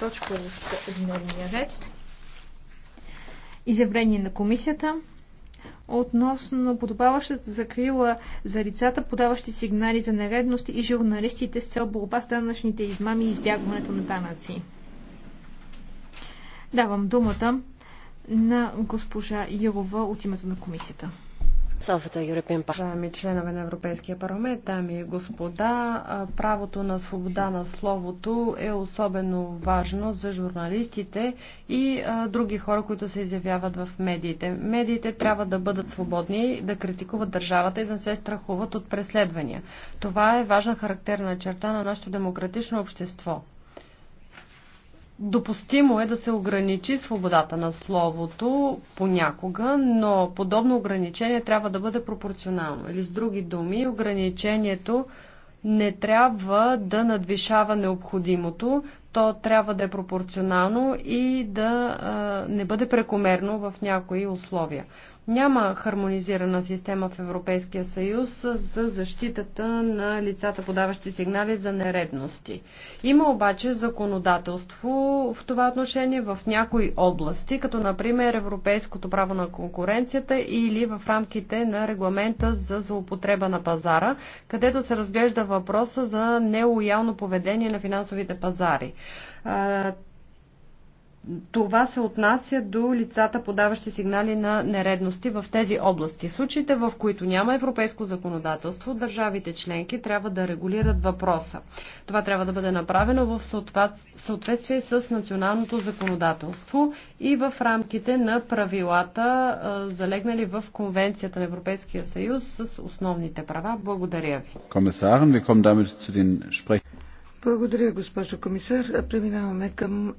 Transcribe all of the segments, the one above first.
точка в дневния ред. Изявление на комисията относно подобаващата закрила за лицата, подаващи сигнали за нередности и журналистите с цел борба с данъчните измами и избягването на данъци. Давам думата на госпожа Юрова от името на комисията. Уважаеми членове на Европейския парламент, дами и господа, правото на свобода на словото е особено важно за журналистите и други хора, които се изявяват в медиите. Медиите трябва да бъдат свободни, да критикуват държавата и да се страхуват от преследвания. Това е важна характерна черта на нашето демократично общество. Допустимо е да се ограничи свободата на словото понякога, но подобно ограничение трябва да бъде пропорционално. Или с други думи, ограничението не трябва да надвишава необходимото, то трябва да е пропорционално и да не бъде прекомерно в някои условия. Няма хармонизирана система в Европейския съюз за защитата на лицата, подаващи сигнали за нередности. Има обаче законодателство в това отношение в някои области, като например Европейското право на конкуренцията или в рамките на регламента за злоупотреба на пазара, където се разглежда въпроса за нелоялно поведение на финансовите пазари това се отнася до лицата, подаващи сигнали на нередности в тези области. В случаите, в които няма европейско законодателство, държавите членки трябва да регулират въпроса. Това трябва да бъде направено в съответствие с националното законодателство и в рамките на правилата, залегнали в Конвенцията на Европейския съюз с основните права. Благодаря ви. Комисарен, Благодаря, госпожо комисар. Преминаваме към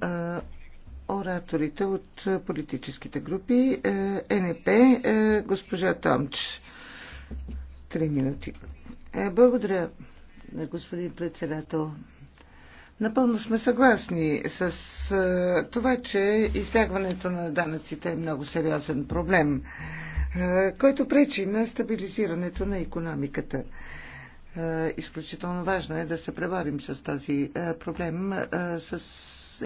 ораторите от политическите групи. Е, НП, е, госпожа Томч. Три минути. Е, благодаря, господин председател. Напълно сме съгласни с това, че избягването на данъците е много сериозен проблем, който пречи на стабилизирането на економиката. Изключително важно е да се преварим с този проблем, с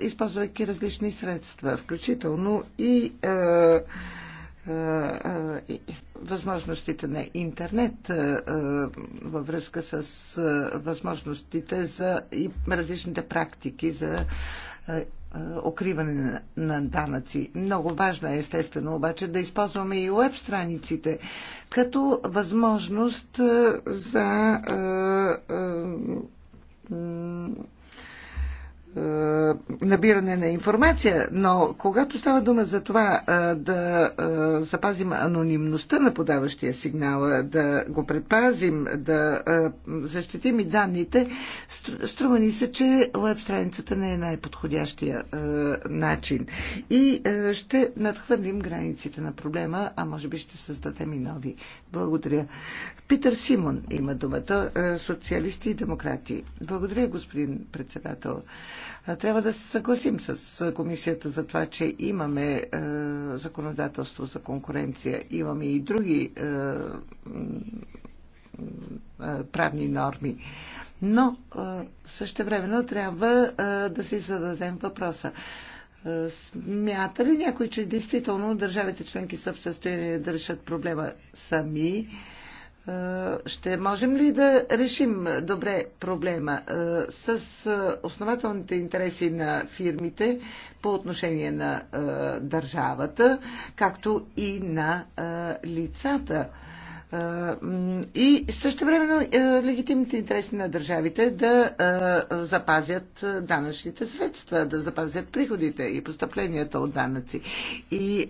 използвайки различни средства, включително и е, е, е възможностите на интернет е, във връзка с възможностите за и различните практики за укриване на данъци. Много важно е, естествено, обаче да използваме и веб страниците като възможност за е, набиране на информация, но когато става дума за това е, да е, запазим анонимността на подаващия сигнала, да го предпазим, да защитим и данните, струва ни се, че веб страницата не е най-подходящия начин. И ще надхвърлим границите на проблема, а може би ще създадем и нови. Благодаря. Питър Симон има думата, социалисти и демократи. Благодаря, господин председател. Трябва да се съгласим с комисията за това, че имаме е, законодателство за конкуренция. Имаме и други е, е, правни норми. Но също времено трябва да си зададем въпроса. Смята ли някой, че действително държавите членки са в състояние да решат проблема сами? Е, ще можем ли да решим добре проблема е, с е, основателните интереси на фирмите по отношение на държавата, както и на лицата? И също времено легитимните интереси на държавите да запазят данъчните средства, да запазят приходите и постъпленията от данъци. И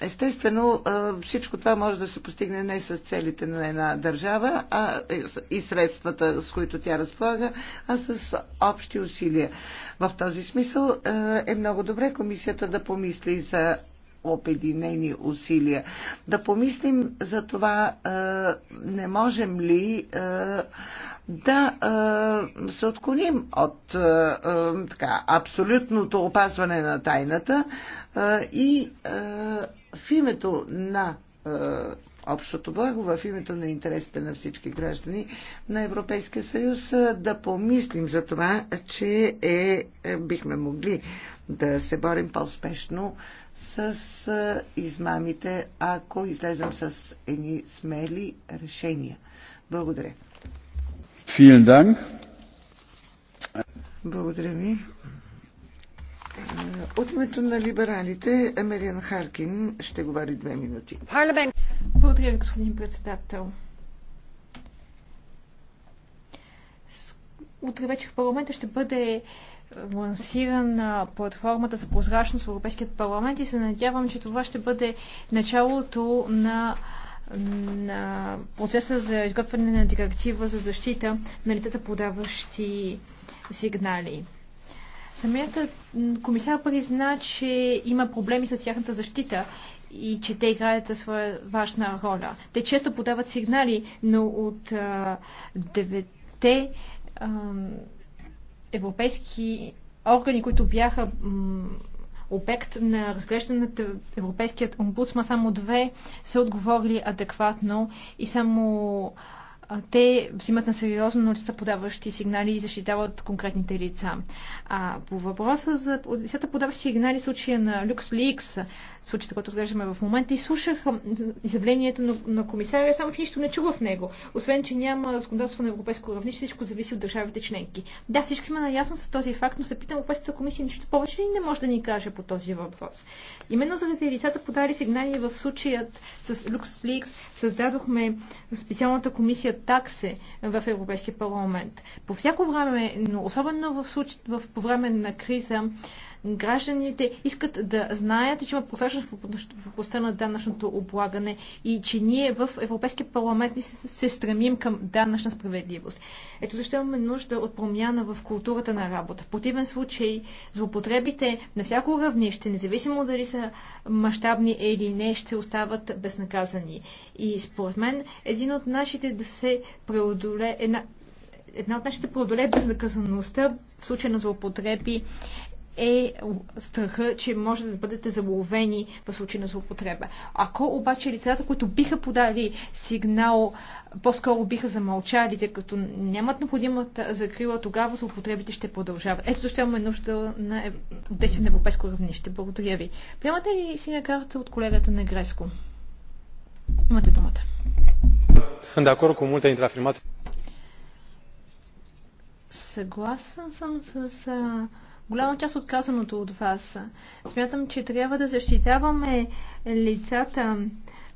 естествено всичко това може да се постигне не с целите на една държава а е, и средствата, с които тя разполага, а с общи усилия. В този смисъл е много добре комисията да помисли за обединени усилия. Да помислим за това, не можем ли да се отклоним от така, абсолютното опазване на тайната и в името на общото благо, в името на интересите на всички граждани на Европейския съюз, да помислим за това, че е, бихме могли да се борим по-успешно с измамите, ако излезем с едни смели решения. Благодаря. Благодаря ви. От името на либералите Емериан Харкин ще говори две минути. Благодаря ви, господин председател. Утре вече в парламента ще бъде лансиран на платформата за прозрачност в Европейският парламент и се надявам, че това ще бъде началото на на процеса за изготвяне на директива за защита на лицата, подаващи сигнали. Самията комисар призна, че има проблеми с тяхната защита и че те играят своя важна роля. Те често подават сигнали, но от девете европейски органи, които бяха обект на разглеждането Европейският омбудсман, само две са отговорили адекватно и само те взимат на сериозно са подаващи сигнали и защитават конкретните лица. А по въпроса за лицата подаващи сигнали, случая на LuxLeaks, случаята, който разглеждаме в момента, и слушах изявлението на, на комисаря, само че нищо не чува в него. Освен, че няма законодателство на европейско равнище, всичко зависи от държавите членки. Да, всички сме наясно с този факт, но се питам Европейската комисия нищо повече ли не може да ни каже по този въпрос. Именно заради лицата подали сигнали в случаят с LuxLeaks създадохме специалната комисия такси в Европейския парламент. По всяко време, но особено в случай, в, по време на криза, Гражданите искат да знаят, че има прозрачност в областта на данъчното облагане и че ние в Европейския парламент се, се стремим към данъчна справедливост. Ето защо имаме нужда от промяна в културата на работа. В противен случай злоупотребите на всяко равнище, независимо дали са мащабни или не, ще остават безнаказани. И според мен един от нашите да се преодолее една една от нашите преодолее безнаказаността в случая на злоупотреби е страха, че може да бъдете заловени в случай на злоупотреба. Ако обаче лицата, които биха подали сигнал, по-скоро биха замълчали, тъй като нямат необходимата закрила, тогава злоупотребите ще продължават. Ето защо имаме нужда на действие на европейско равнище. Благодаря ви. Приемате ли синя карта от колегата на Греско? Имате думата. Съм да acord cu multe dintre Съгласен съм с голяма част от казаното от вас. Смятам, че трябва да защитаваме лицата,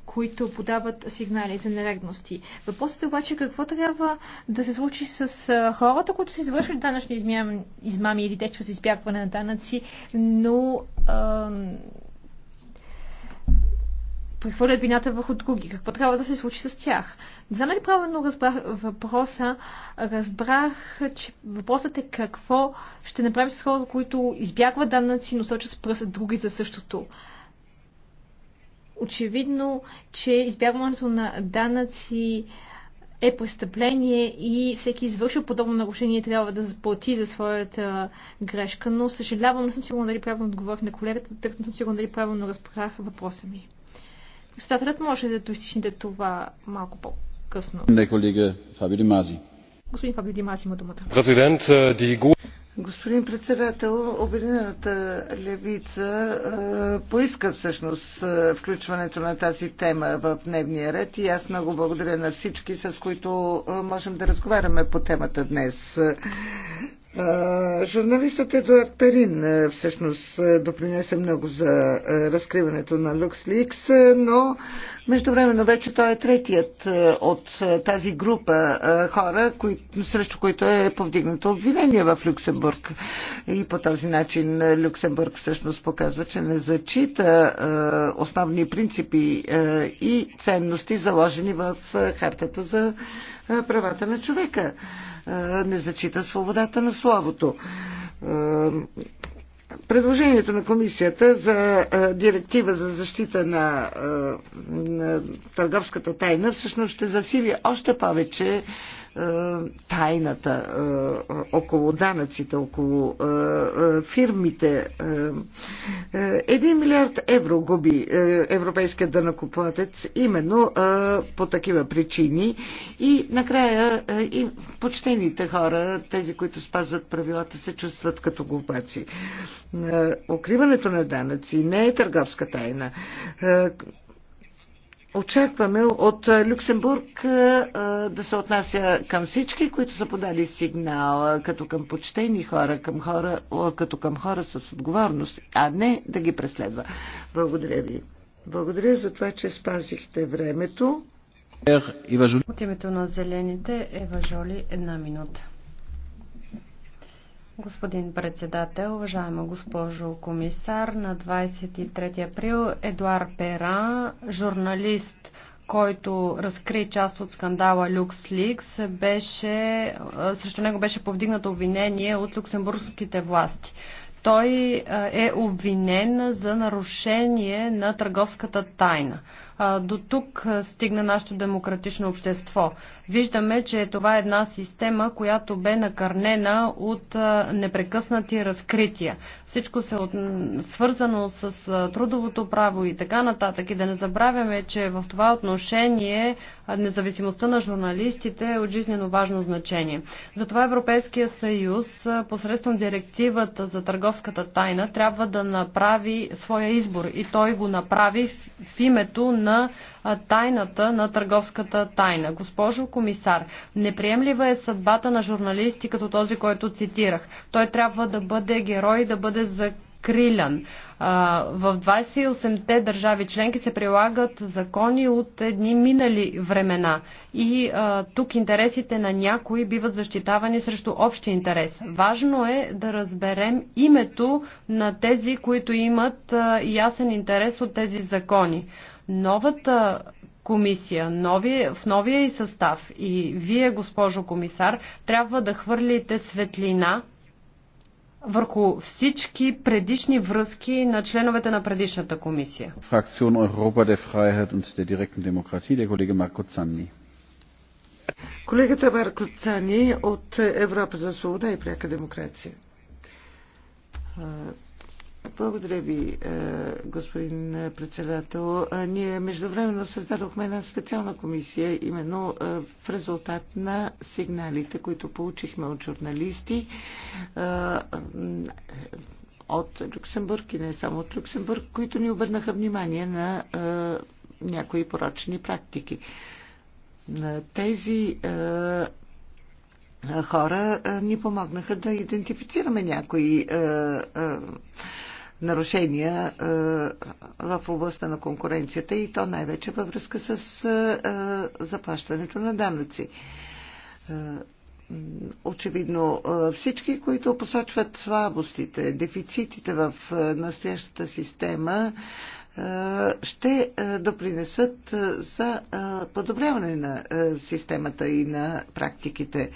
които подават сигнали за нередности. Въпросът е обаче какво трябва да се случи с хората, които са извършват данъчни измами, или действия за избягване на данъци, но а, прехвърлят вината върху други. Какво трябва да се случи с тях? Не знам ли правилно разбрах въпроса. Разбрах, че въпросът е какво ще направим с хората, които избягват данъци, но сочат с пръст други за същото. Очевидно, че избягването на данъци е престъпление и всеки извършил подобно нарушение трябва да заплати за своята грешка, но съжалявам, не съм сигурна дали правилно отговорих на колегата, тъй като не съм сигурна дали правилно разбрах въпроса ми. Председателят може да достигнете това малко по-късно. Господин Фабио Димази има думата. Президент, е, Господин председател, Обединената левица е, поиска всъщност е, включването на тази тема в дневния ред и аз много благодаря на всички, с които е, можем да разговаряме по темата днес. Журналистът Едуард Перин всъщност допринесе много за разкриването на LuxLeaks, но междувременно вече той е третият от тази група хора, кои, срещу които е повдигнато обвинение в Люксембург. И по този начин Люксембург всъщност показва, че не зачита основни принципи и ценности, заложени в хартата за е, правата на човека, е, не зачита свободата на словото. Е, предложението на комисията за директива за защита на, на търговската тайна всъщност ще засили още повече е, тайната е, около данъците, около е, фирмите. Един милиард евро губи европейския данъкоплатец именно по такива причини и накрая и почтените хора, тези, които спазват правилата, се чувстват като глупаци. Укриването на данъци не е търговска тайна. Очакваме от Люксембург да се отнася към всички, които са подали сигнал, като към почтени хора, към хора, като към хора с отговорност, а не да ги преследва. Благодаря ви. Благодаря за това, че спазихте времето. От името на зелените Ева Жоли една минута. Господин председател, уважаема госпожо комисар, на 23 април Едуар Пера, журналист, който разкри част от скандала LuxLeaks, беше, срещу него беше повдигнато обвинение от люксембургските власти той е обвинен за нарушение на търговската тайна. До тук стигна нашето демократично общество. Виждаме, че това е една система, която бе накърнена от непрекъснати разкрития. Всичко се от... свързано с трудовото право и така нататък. И да не забравяме, че в това отношение независимостта на журналистите е от жизнено важно значение. Затова Европейския съюз посредством директивата за търговската търговската тайна, трябва да направи своя избор. И той го направи в името на тайната на търговската тайна. Госпожо комисар, неприемлива е съдбата на журналисти като този, който цитирах. Той трябва да бъде герой, да бъде за Крилян. В 28-те държави членки се прилагат закони от едни минали времена и а, тук интересите на някои биват защитавани срещу общи интерес. Важно е да разберем името на тези, които имат а, ясен интерес от тези закони. Новата комисия, нови, в новия и състав и вие, госпожо комисар, трябва да хвърлите светлина върху всички предишни връзки на членовете на предишната комисия. Фракцион Европа der Freiheit und der direkten Demokratie, der Kollege Марко Цанни. Колегата Марко Цани от Европа за свобода и пряка демокрация. Благодаря ви, е, господин председател. Е, ние междувременно създадохме една специална комисия, именно е, в резултат на сигналите, които получихме от журналисти от Люксембург и не само от Люксембург, които ни обърнаха внимание на някои порочни практики. Тези хора ни помогнаха да идентифицираме някои нарушения е, в областта на конкуренцията и то най-вече във връзка с е, е, заплащането на данъци. Очевидно всички, които посочват слабостите, дефицитите в настоящата система, ще допринесат за подобряване на системата и на практиките.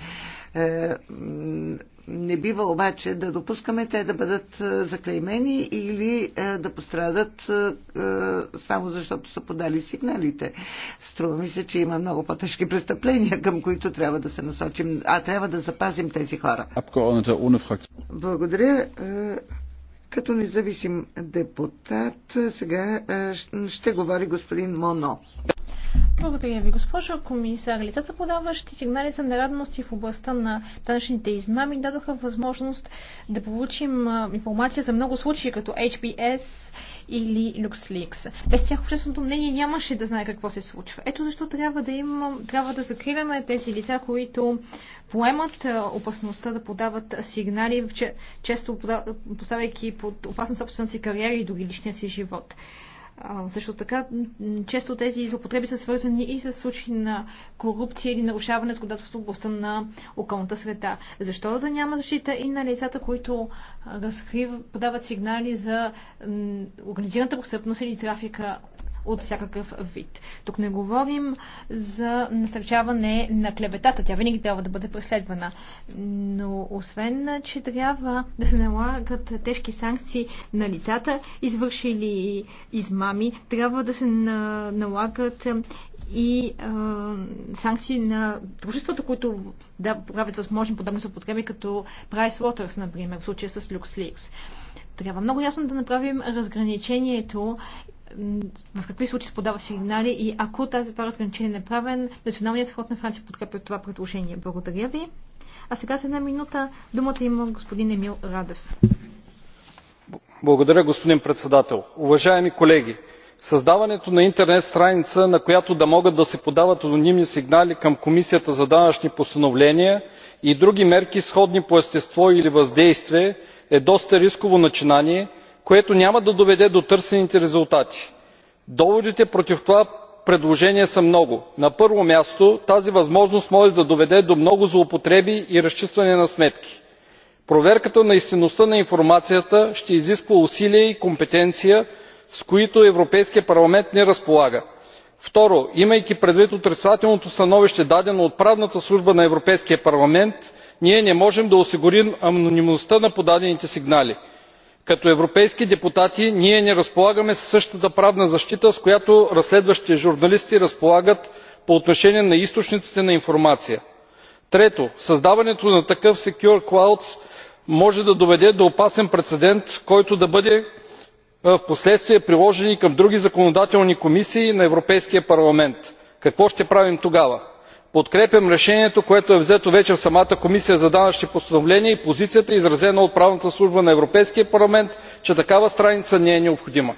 Не бива обаче да допускаме те да бъдат е, заклеймени или е, да пострадат е, само защото са подали сигналите. Струва ми се, че има много по-тежки престъпления, към които трябва да се насочим, а трябва да запазим тези хора. Благодаря. Като независим депутат, сега ще говори господин Моно. Благодаря ви, госпожо комисар. Лицата, подаващи сигнали за нерадности в областта на данъчните измами, дадоха възможност да получим информация за много случаи, като HBS или LuxLeaks. Без тях общественото мнение нямаше да знае какво се случва. Ето защо трябва да, има, трябва да закриваме тези лица, които поемат опасността да подават сигнали, често поставяйки под опасност собствената си кариера и дори личния си живот. Също така, често тези злоупотреби са свързани и с случаи на корупция или нарушаване с законодателството в областта на околната среда. Защо да няма защита и на лицата, които разкрив, подават сигнали за организираната престъпност или трафика от всякакъв вид. Тук не говорим за насърчаване на клеветата. Тя винаги трябва да бъде преследвана. Но освен, че трябва да се налагат тежки санкции на лицата, извършили измами, трябва да се налагат и е, санкции на дружествата, които да правят възможни подобни съпотреби, като Waters, например, в случая с LuxLeaks. Трябва много ясно да направим разграничението в какви случаи се подава сигнали и ако тази това разграничение е направен, Националният сход на Франция подкрепя това предложение. Благодаря ви. А сега за една минута думата има господин Емил Радев. Благодаря, господин председател. Уважаеми колеги, създаването на интернет страница, на която да могат да се подават анонимни сигнали към комисията за данъчни постановления и други мерки сходни по естество или въздействие е доста рисково начинание което няма да доведе до търсените резултати. доводите против това предложение са много. на първо място тази възможност може да доведе до много злоупотреби и разчистване на сметки. проверката на истинността на информацията ще изисква усилия и компетенция с които европейският парламент не разполага. второ имайки предвид отрицателното становище дадено от правната служба на европейския парламент ние не можем да осигурим анонимността на подадените сигнали като европейски депутати ние не разполагаме със същата правна защита с която разследващите журналисти разполагат по отношение на източниците на информация. трето създаването на такъв secure clause може да доведе до опасен прецедент който да бъде впоследствие приложен и към други законодателни комисии на европейския парламент. какво ще правим тогава? подкрепям решението което е взето вече в самата комисия за данъчни постановления и позицията изразена от правната служба на европейския парламент че такава страница не е необходима.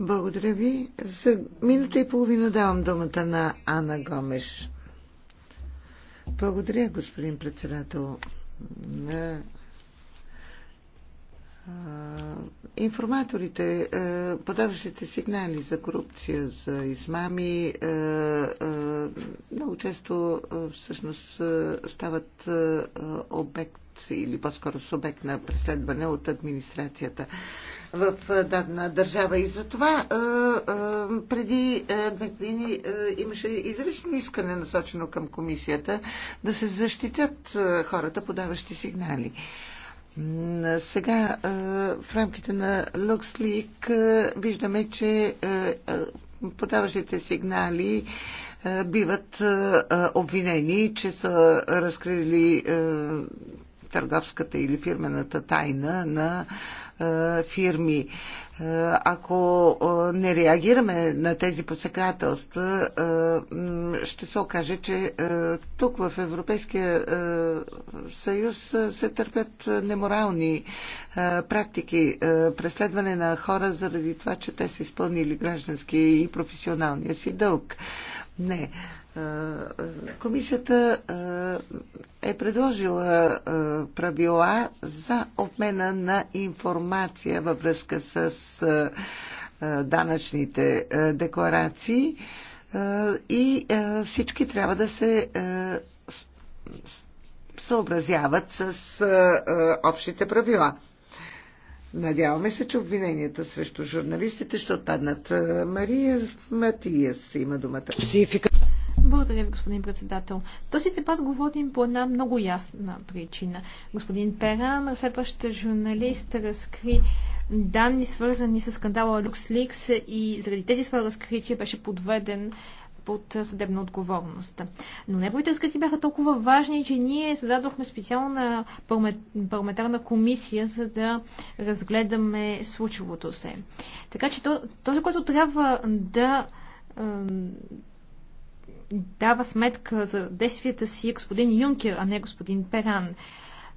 Благодаря ви. За минута и половина давам думата на Ана Гомеш. Благодаря, господин председател информаторите, подаващите сигнали за корупция, за измами, много често всъщност стават обект или по-скоро субект на преследване от администрацията в дадена държава. И затова преди две години имаше изрично искане насочено към комисията да се защитят хората, подаващи сигнали. Сега в рамките на LuxLeak виждаме, че подаващите сигнали биват обвинени, че са разкрили търговската или фирмената тайна на е, фирми. Е, ако е, не реагираме на тези посекателства, ще се окаже, че тук в Европейския съюз се търпят неморални практики, преследване на хора заради това, че те са изпълнили граждански и професионалния си дълг. Не. Е, е, комисията е, е предложила правила за обмена на информация във връзка с данъчните декларации и всички трябва да се съобразяват с общите правила. Надяваме се, че обвиненията срещу журналистите ще отпаднат. Е, Мария Матиас има думата. Благодаря ви, господин председател. Този дебат го водим по една много ясна причина. Господин Перан, разследващ журналист, разкри данни, свързани с скандала LuxLeaks и заради тези свои разкрития беше подведен под съдебна отговорност. Но неговите скрити бяха толкова важни, че ние създадохме специална парламентарна комисия, за да разгледаме случилото се. Така че този, който трябва да дава сметка за действията си е господин Юнкер, а не господин Перан.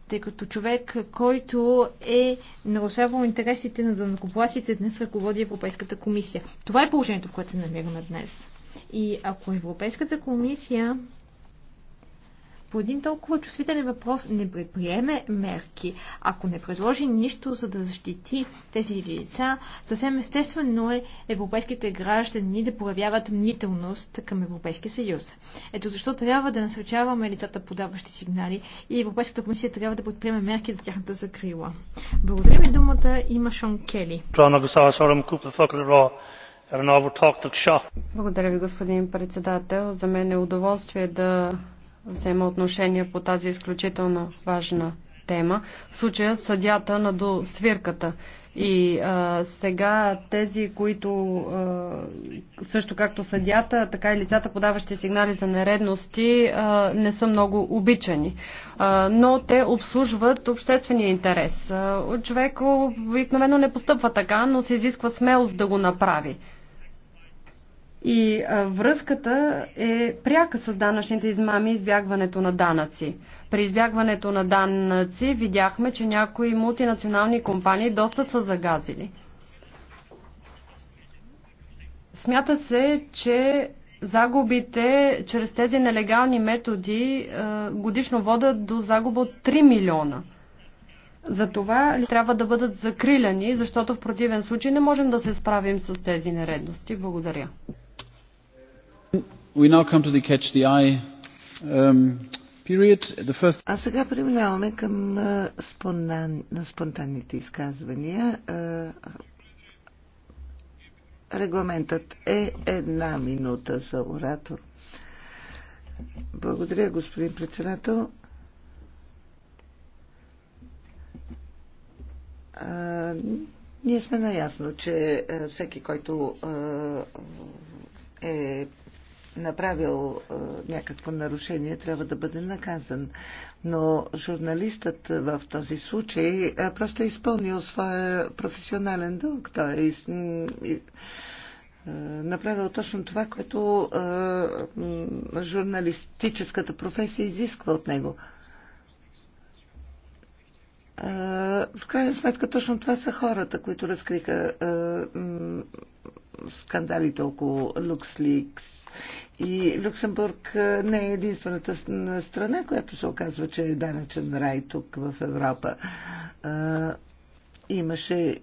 Тъй като човек, който е нарушавал интересите на данакоплаците, днес ръководи Европейската комисия. Това е положението, в което се намираме днес. И ако Европейската комисия по един толкова чувствителен въпрос не предприеме мерки, ако не предложи нищо за да защити тези лица, съвсем естествено е европейските граждани да проявяват мнителност към Европейския съюз. Ето защо трябва да насърчаваме лицата подаващи сигнали и Европейската комисия трябва да предприеме мерки за тяхната закрила. Благодаря ви думата има Шон Кели. Благодаря ви, господин председател. За мен е удоволствие да взема отношение по тази изключително важна тема. В случая съдята на до свирката. И а, сега тези, които а, също както съдята, така и лицата, подаващи сигнали за нередности, а, не са много обичани. А, но те обслужват обществения интерес. А, човек обикновено не постъпва така, но се изисква смелост да го направи. И връзката е пряка с данъчните измами и избягването на данъци. При избягването на данъци видяхме, че някои мултинационални компании доста са загазили. Смята се, че загубите чрез тези нелегални методи годишно водят до загуба от 3 милиона. За това трябва да бъдат закриляни, защото в противен случай не можем да се справим с тези нередности. Благодаря. We now come to the catch the eye um, period. The first... А сега преминаваме към спонтан, спонтанните изказвания. Регламентът е една минута за оратор. Благодаря, господин председател. ние сме наясно, че всеки, който е направил е, някакво нарушение, трябва да бъде наказан. Но журналистът в този случай е, просто е изпълнил своя професионален дълг. Той е, е, направил точно това, което е, журналистическата професия изисква от него. В крайна сметка точно това са хората, които разкриха скандалите около LuxLeaks и Люксембург е, не е единствената страна, която се оказва, че е данъчен рай тук в Европа. Е, имаше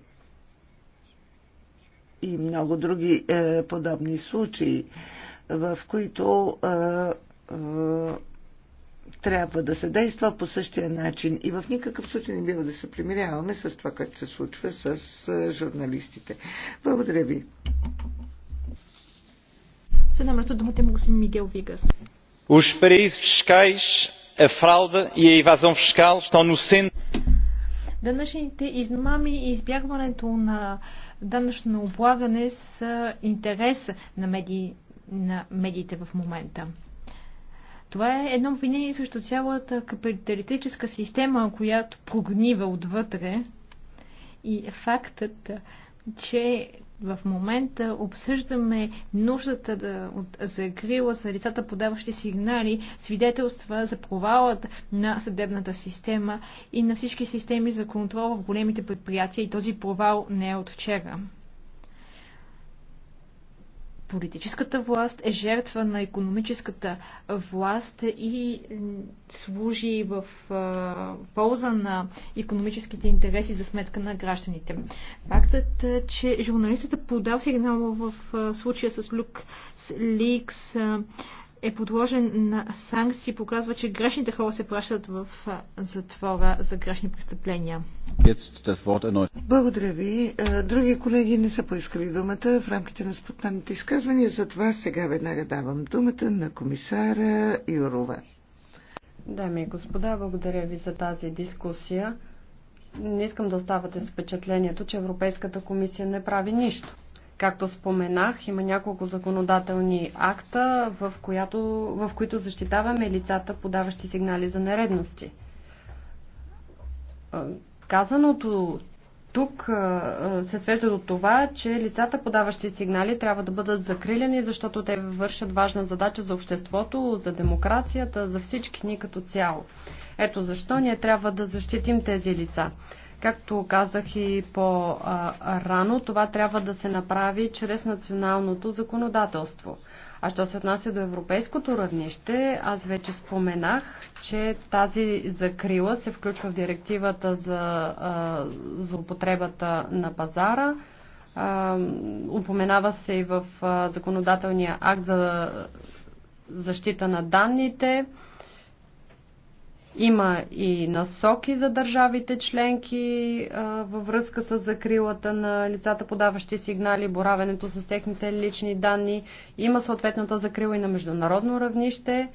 и много други е, подобни случаи, в които трябва да се действа по същия начин и в никакъв случай не бива да се примиряваме с това, което се случва с журналистите. Благодаря ви. За намето Вигас. Os paraísos fiscais, a fraude e a evasão fiscal estão no centro. Данъчните измами и избягването на данъчно облагане са интерес на, медии, на медиите в момента. Това е едно обвинение срещу цялата капиталистическа система, която прогнива отвътре. И фактът, че в момента обсъждаме нуждата да, от закрила са лицата, подаващи сигнали, свидетелства за провалът на съдебната система и на всички системи за контрол в големите предприятия и този провал не е от вчера политическата власт е жертва на економическата власт и служи в полза на економическите интереси за сметка на гражданите. Фактът, че журналистът е подал сигнал в случая с Люк Ликс, е подложен на санкции, показва, че грешните хора се пращат в затвора за грешни престъпления. Благодаря ви. Други колеги не са поискали думата в рамките на спонтанните изказвания, затова сега веднага давам думата на комисара Юрова. Дами и господа, благодаря ви за тази дискусия. Не искам да оставате с впечатлението, че Европейската комисия не прави нищо. Както споменах, има няколко законодателни акта, в, която, в които защитаваме лицата, подаващи сигнали за нередности. Казаното тук се свежда до това, че лицата, подаващи сигнали, трябва да бъдат закрилени, защото те вършат важна задача за обществото, за демокрацията, за всички ни като цяло. Ето защо ние трябва да защитим тези лица. Както казах и по-рано, това трябва да се направи чрез националното законодателство. А що се отнася до европейското равнище, аз вече споменах, че тази закрила се включва в директивата за злоупотребата на пазара. Упоменава се и в законодателния акт за защита на данните. Има и насоки за държавите членки а, във връзка с закрилата на лицата, подаващи сигнали, боравенето с техните лични данни. Има съответната закрила и на международно равнище.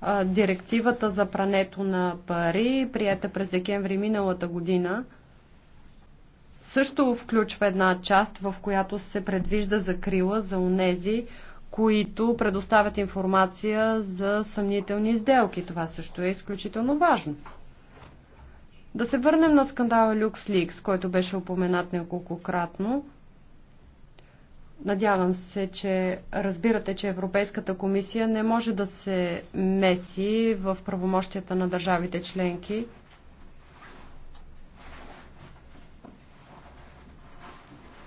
А, директивата за прането на пари, прията през декември миналата година, също включва една част, в която се предвижда закрила за унези, които предоставят информация за съмнителни сделки. Това също е изключително важно. Да се върнем на скандала LuxLeaks, който беше упоменат неколкократно. Надявам се, че разбирате, че Европейската комисия не може да се меси в правомощията на държавите членки.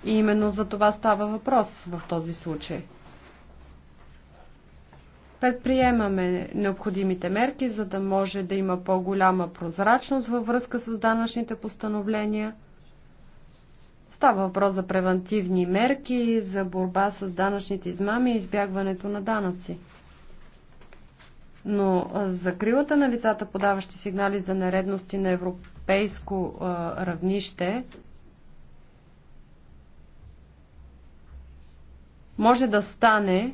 И именно за това става въпрос в този случай – Предприемаме необходимите мерки, за да може да има по-голяма прозрачност във връзка с данъчните постановления. Става въпрос за превентивни мерки, за борба с данъчните измами и избягването на данъци. Но закрилата на лицата, подаващи сигнали за нередности на европейско равнище, може да стане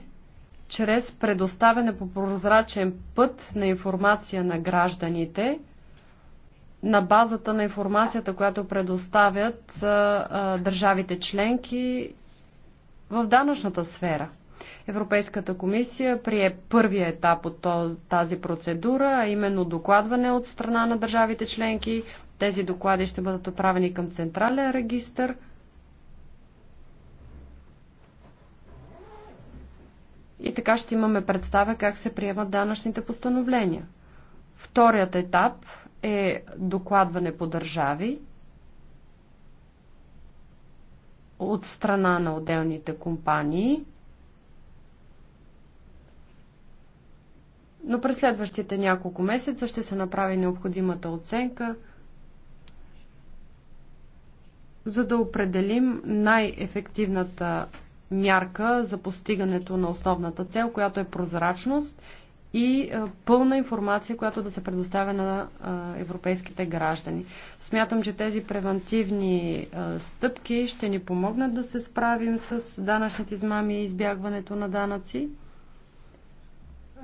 чрез предоставяне по прозрачен път на информация на гражданите на базата на информацията, която предоставят а, а, държавите членки в данъчната сфера. Европейската комисия прие първия етап от тази процедура, а именно докладване от страна на държавите членки. Тези доклади ще бъдат отправени към Централен регистр – и така ще имаме представя как се приемат данъчните постановления. Вторият етап е докладване по държави от страна на отделните компании. Но през следващите няколко месеца ще се направи необходимата оценка, за да определим най-ефективната мярка за постигането на основната цел, която е прозрачност и е, пълна информация, която да се предоставя на е, европейските граждани. Смятам, че тези превентивни е, стъпки ще ни помогнат да се справим с данъчните измами и избягването на данъци.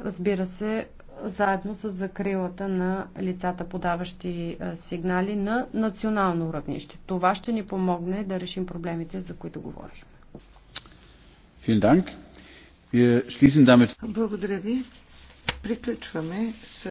Разбира се, заедно с закрилата на лицата, подаващи сигнали на национално уравнище. Това ще ни помогне да решим проблемите, за които говорихме. Благодаря ви. Приключваме с